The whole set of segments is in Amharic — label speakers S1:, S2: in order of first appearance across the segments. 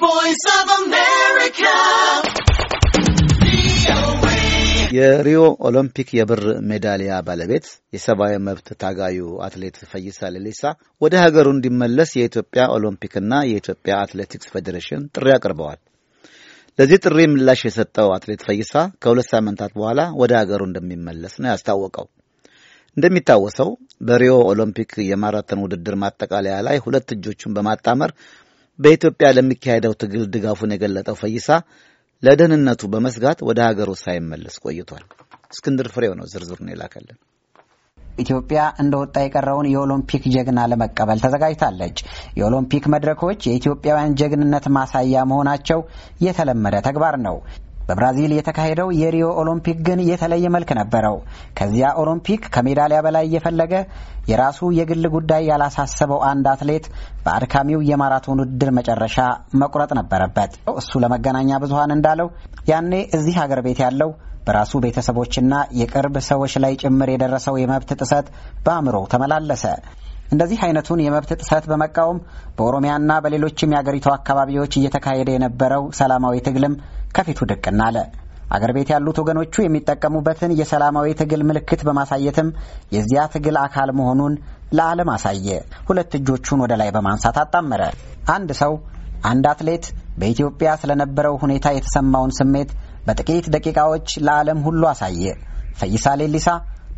S1: ቮይስ ኦፍ አሜሪካ
S2: የሪዮ ኦሎምፒክ የብር ሜዳሊያ ባለቤት የሰብአዊ መብት ታጋዩ አትሌት ፈይሳ ሌሊሳ ወደ ሀገሩ እንዲመለስ የኢትዮጵያ ኦሎምፒክና የኢትዮጵያ አትሌቲክስ ፌዴሬሽን ጥሪ አቅርበዋል። ለዚህ ጥሪ ምላሽ የሰጠው አትሌት ፈይሳ ከሁለት ሳምንታት በኋላ ወደ ሀገሩ እንደሚመለስ ነው ያስታወቀው። እንደሚታወሰው በሪዮ ኦሎምፒክ የማራተን ውድድር ማጠቃለያ ላይ ሁለት እጆቹን በማጣመር በኢትዮጵያ ለሚካሄደው ትግል ድጋፉን የገለጠው ፈይሳ ለደህንነቱ በመስጋት ወደ ሀገሩ ሳይመለስ ቆይቷል። እስክንድር ፍሬው ነው ዝርዝሩን የላከልን። ኢትዮጵያ እንደ ወጣ የቀረውን የኦሎምፒክ ጀግና ለመቀበል ተዘጋጅታለች። የኦሎምፒክ መድረኮች የኢትዮጵያውያን ጀግንነት ማሳያ መሆናቸው የተለመደ ተግባር ነው። በብራዚል የተካሄደው የሪዮ ኦሎምፒክ ግን የተለየ መልክ ነበረው። ከዚያ ኦሎምፒክ ከሜዳሊያ በላይ እየፈለገ የራሱ የግል ጉዳይ ያላሳሰበው አንድ አትሌት በአድካሚው የማራቶን ውድድር መጨረሻ መቁረጥ ነበረበት። እሱ ለመገናኛ ብዙኃን እንዳለው ያኔ እዚህ ሀገር ቤት ያለው በራሱ ቤተሰቦችና የቅርብ ሰዎች ላይ ጭምር የደረሰው የመብት ጥሰት በአእምሮ ተመላለሰ። እንደዚህ አይነቱን የመብት ጥሰት በመቃወም በኦሮሚያና በሌሎችም የአገሪቱ አካባቢዎች እየተካሄደ የነበረው ሰላማዊ ትግልም ከፊቱ ድቅና አለ። አገር ቤት ያሉት ወገኖቹ የሚጠቀሙበትን የሰላማዊ ትግል ምልክት በማሳየትም የዚያ ትግል አካል መሆኑን ለዓለም አሳየ። ሁለት እጆቹን ወደ ላይ በማንሳት አጣመረ። አንድ ሰው አንድ አትሌት በኢትዮጵያ ስለነበረው ሁኔታ የተሰማውን ስሜት በጥቂት ደቂቃዎች ለዓለም ሁሉ አሳየ። ፈይሳ ሌሊሳ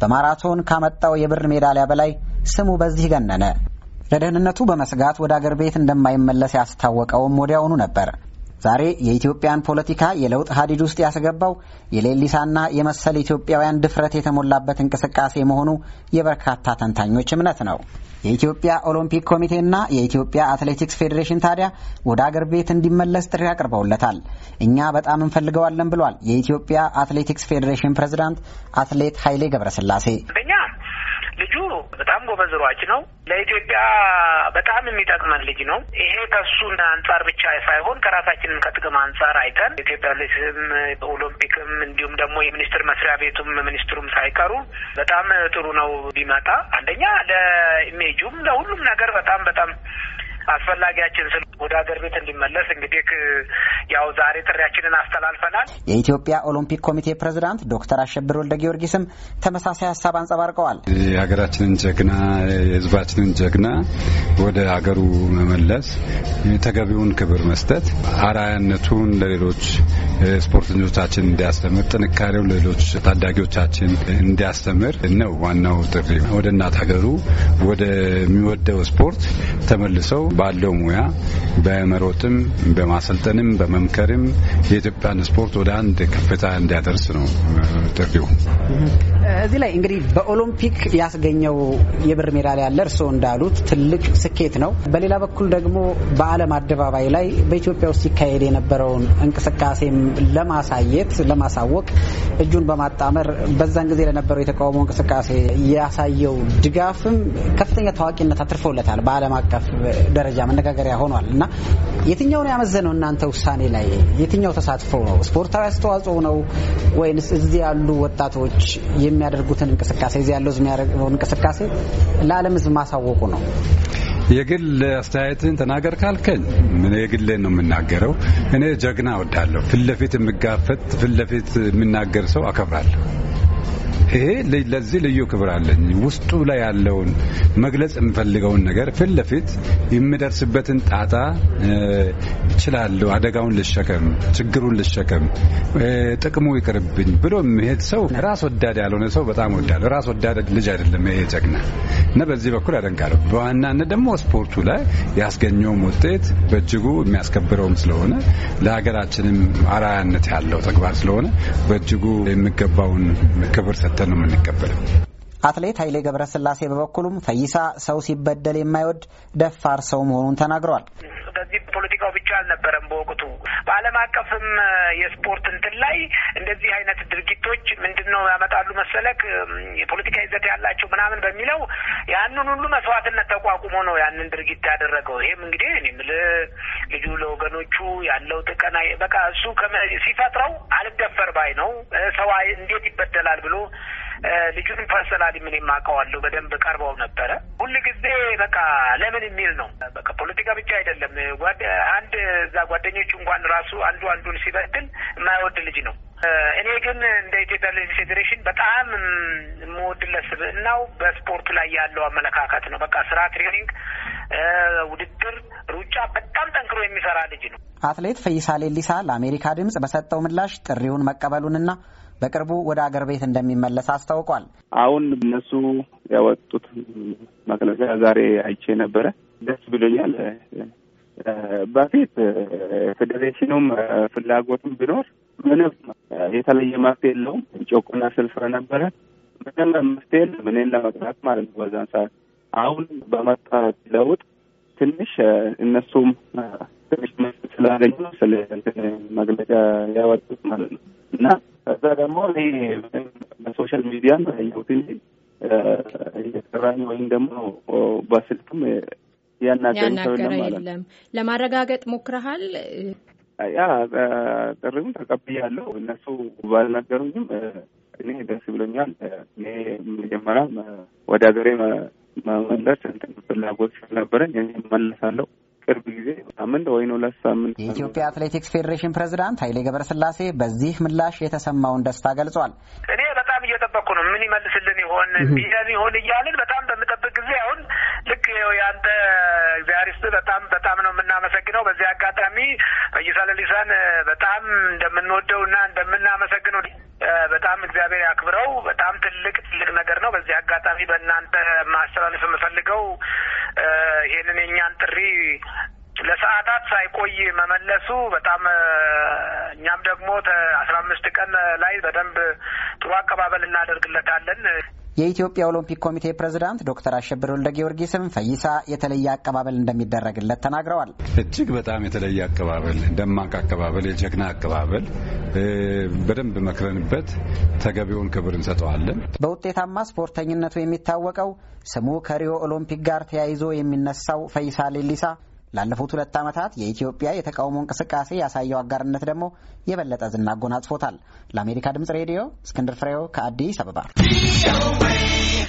S2: በማራቶን ካመጣው የብር ሜዳሊያ በላይ ስሙ በዚህ ገነነ። ለደህንነቱ በመስጋት ወደ አገር ቤት እንደማይመለስ ያስታወቀውም ወዲያውኑ ነበር። ዛሬ የኢትዮጵያን ፖለቲካ የለውጥ ሀዲድ ውስጥ ያስገባው የሌሊሳና የመሰል ኢትዮጵያውያን ድፍረት የተሞላበት እንቅስቃሴ መሆኑ የበርካታ ተንታኞች እምነት ነው። የኢትዮጵያ ኦሎምፒክ ኮሚቴና የኢትዮጵያ አትሌቲክስ ፌዴሬሽን ታዲያ ወደ አገር ቤት እንዲመለስ ጥሪ አቅርበውለታል። እኛ በጣም እንፈልገዋለን ብሏል የኢትዮጵያ አትሌቲክስ ፌዴሬሽን ፕሬዝዳንት አትሌት ኃይሌ ገብረስላሴ
S1: በጣም ጎበዝ ሯጭ ነው። ለኢትዮጵያ በጣም የሚጠቅመን ልጅ ነው። ይሄ ከሱ አንጻር ብቻ ሳይሆን ከራሳችንም ከጥቅም አንጻር አይተን ኢትዮጵያ ልስም ኦሎምፒክም እንዲሁም ደግሞ የሚኒስትር መስሪያ ቤቱም ሚኒስትሩም ሳይቀሩ በጣም ጥሩ ነው ቢመጣ አንደኛ ለኢሜጁም ለሁሉም ነገር በጣም በጣም አስፈላጊያችን ስል ወደ ሀገር ቤት እንዲመለስ እንግዲህ ያው ዛሬ ጥሪያችንን አስተላልፈናል።
S2: የኢትዮጵያ ኦሎምፒክ ኮሚቴ ፕሬዝዳንት ዶክተር አሸብር ወልደ ጊዮርጊስም ተመሳሳይ ሀሳብ አንጸባርቀዋል።
S3: የሀገራችንን ጀግና የህዝባችንን ጀግና ወደ ሀገሩ መመለስ፣ ተገቢውን ክብር መስጠት፣ አርአያነቱን ለሌሎች ስፖርተኞቻችን እንዲያስተምር፣ ጥንካሬው ሌሎች ታዳጊዎቻችን እንዲያስተምር ነው ዋናው ጥሪ። ወደ እናት ሀገሩ ወደሚወደው ስፖርት ተመልሰው ባለው ሙያ በመሮጥም በማሰልጠንም በመምከርም የኢትዮጵያን ስፖርት ወደ አንድ ከፍታ እንዲያደርስ ነው ጥሪው።
S2: እዚህ ላይ እንግዲህ በኦሎምፒክ ያስገኘው የብር ሜዳሊያ ያለ እርስዎ እንዳሉት ትልቅ ስኬት ነው። በሌላ በኩል ደግሞ በዓለም አደባባይ ላይ በኢትዮጵያ ውስጥ ሲካሄድ የነበረውን እንቅስቃሴም ለማሳየት ለማሳወቅ እጁን በማጣመር በዛን ጊዜ ለነበረው የተቃውሞ እንቅስቃሴ ያሳየው ድጋፍም ከፍተኛ ታዋቂነት አትርፎለታል። በዓለም አቀፍ ደረጃ መነጋገሪያ ሆኗል እና የትኛው ነው ያመዘነው? እናንተ ውሳኔ ላይ የትኛው ተሳትፎ ነው? ስፖርታዊ አስተዋጽኦ ነው ወይንስ እዚህ ያሉ ወጣቶች የሚያደርጉትን እንቅስቃሴ እዚህ ያለው የሚያደርገው እንቅስቃሴ ለዓለም ሕዝብ ማሳወቁ ነው?
S3: የግል አስተያየትን ተናገር ካልከኝ የግሌን ነው የምናገረው። እኔ ጀግና እወዳለሁ። ፊት ለፊት የምጋፈጥ ፊት ለፊት የምናገር ሰው አከብራለሁ። ይሄ ለዚህ ልዩ ክብር አለኝ። ውስጡ ላይ ያለውን መግለጽ የምፈልገውን ነገር ፊት ለፊት የሚደርስበትን ጣጣ እችላለሁ፣ አደጋውን ልሸከም፣ ችግሩን ልሸከም፣ ጥቅሙ ይቅርብኝ ብሎ የሚሄድ ሰው ራስ ወዳድ ያልሆነ ሰው በጣም ወዳለሁ። ራስ ወዳድ ልጅ አይደለም ይሄ ጀግና እና በዚህ በኩል አደንቃለሁ። በዋናነት ደግሞ ስፖርቱ ላይ ያስገኘውም ውጤት በእጅጉ የሚያስከብረውም ስለሆነ ለሀገራችንም አራያነት ያለው ተግባር ስለሆነ በእጅጉ የሚገባውን ክብር ሰጥተን ነው የምንቀበለው።
S2: አትሌት ኃይሌ ገብረስላሴ በበኩሉም ፈይሳ ሰው ሲበደል የማይወድ ደፋር ሰው መሆኑን ተናግረዋል። በዚህ ፖለቲካው ብቻ አልነበረም። በወቅቱ በዓለም አቀፍም
S1: የስፖርት እንትን ላይ እንደዚህ አይነት ድርጊቶች ምንድን ነው ያመጣሉ መሰለክ የፖለቲካ ይዘት ያላቸው ምናምን በሚለው ያንን ሁሉ መስዋዕትነት ተቋቁሞ ነው ያንን ድርጊት ያደረገው። ይሄም እንግዲህ እኔ የምልህ ልጁ ለወገኖቹ ያለው ጥቀና በቃ እሱ ሲፈጥረው አልደፈር ባይ ነው። ሰው እንዴት ይበደላል ብሎ ልጁን ፐርሰናሊ ምን የማውቀዋለሁ በደንብ ቀርበው ነበረ። ሁል ጊዜ በቃ ለምን የሚል ነው። በቃ ፖለቲካ ብቻ አይደለም። አንድ እዛ ጓደኞቹ እንኳን ራሱ አንዱ አንዱን ሲበድል የማይወድ ልጅ ነው። እኔ ግን እንደ ኢትዮጵያ ልጅ ፌዴሬሽን በጣም የምወድለት ስብዕናው በስፖርቱ ላይ ያለው አመለካከት ነው። በቃ ስራ፣ ትሬኒንግ፣ ውድድር፣ ሩጫ በጣም ጠንክሮ የሚሰራ ልጅ ነው።
S2: አትሌት ፈይሳ ሌሊሳ ለአሜሪካ ድምጽ በሰጠው ምላሽ ጥሪውን መቀበሉንና በቅርቡ ወደ አገር ቤት እንደሚመለስ አስታውቋል።
S1: አሁን እነሱ ያወጡት መግለጫ ዛሬ አይቼ ነበረ። ደስ ብሎኛል። በፊት ፌዴሬሽኑም ፍላጎትም ቢኖር ምንም የተለየ መፍትሄ የለውም። ጮቁና ስልፍረ ነበረ። ምንም መፍትሄ የለም እኔን ማለት ነው በዛን ሰዓት። አሁን በመጣ ለውጥ ትንሽ እነሱም ትንሽ ስላገኙ ስለ መግለጫ ያወጡት ማለት ነው እና ከዛ ደግሞ ይሄ በሶሻል ሚዲያም ያየሁት እንጂ እየሰራኝ ወይም ደግሞ በስልክም ያናገረኝ የለም ለማረጋገጥ ሞክረሃል? ያ ጥሪውን ተቀብያለሁ። እነሱ ባልነገሩኝም እኔ ደስ ብሎኛል። እኔ መጀመሪያም ወደ ሀገሬ መመለስ ፍላጎት ስለነበረኝ እኔ እመለሳለሁ ቅርብ ጊዜ ሳምንት ወይ ነው ሁለት ሳምንት
S2: የኢትዮጵያ አትሌቲክስ ፌዴሬሽን ፕሬዝዳንት ኃይሌ ገብረስላሴ በዚህ ምላሽ የተሰማውን ደስታ ገልጿል። እኔ በጣም እየጠበቅኩ ነው። ምን ይመልስልን ይሆን ቢለን ይሆን እያልን በጣም በምጠብቅ ጊዜ አሁን ልክ የአንተ
S1: እግዚአብሔር በጣም በጣም ነው የምናመሰግነው። በዚህ አጋጣሚ ፈይሳ ሊሳን በጣም እንደምንወደው እና እንደምናመሰግነው በጣም እግዚአብሔር ያክብረው። በጣም ትልቅ ትልቅ ነገር ነው። በዚህ አጋጣሚ በእናንተ ማስተላለፍ የምፈልገው ይህንን የእኛን ጥሪ ለሰዓታት ሳይቆይ መመለሱ በጣም እኛም ደግሞ አስራ አምስት ቀን ላይ በደንብ ጥሩ አቀባበል
S3: እናደርግለታለን።
S2: የኢትዮጵያ ኦሎምፒክ ኮሚቴ ፕሬዝዳንት ዶክተር አሸብር ወልደ ጊዮርጊስም ፈይሳ የተለየ አቀባበል እንደሚደረግለት ተናግረዋል።
S3: እጅግ በጣም የተለየ አቀባበል፣ ደማቅ አቀባበል፣ የጀግና አቀባበል በደንብ መክረንበት ተገቢውን ክብር እንሰጠዋለን።
S2: በውጤታማ ስፖርተኝነቱ የሚታወቀው ስሙ ከሪዮ ኦሎምፒክ ጋር ተያይዞ የሚነሳው ፈይሳ ሌሊሳ ላለፉት ሁለት ዓመታት የኢትዮጵያ የተቃውሞ እንቅስቃሴ ያሳየው አጋርነት ደግሞ የበለጠ ዝና አጎናጽፎታል። ለአሜሪካ ድምጽ ሬዲዮ እስክንድር ፍሬው ከአዲስ አበባ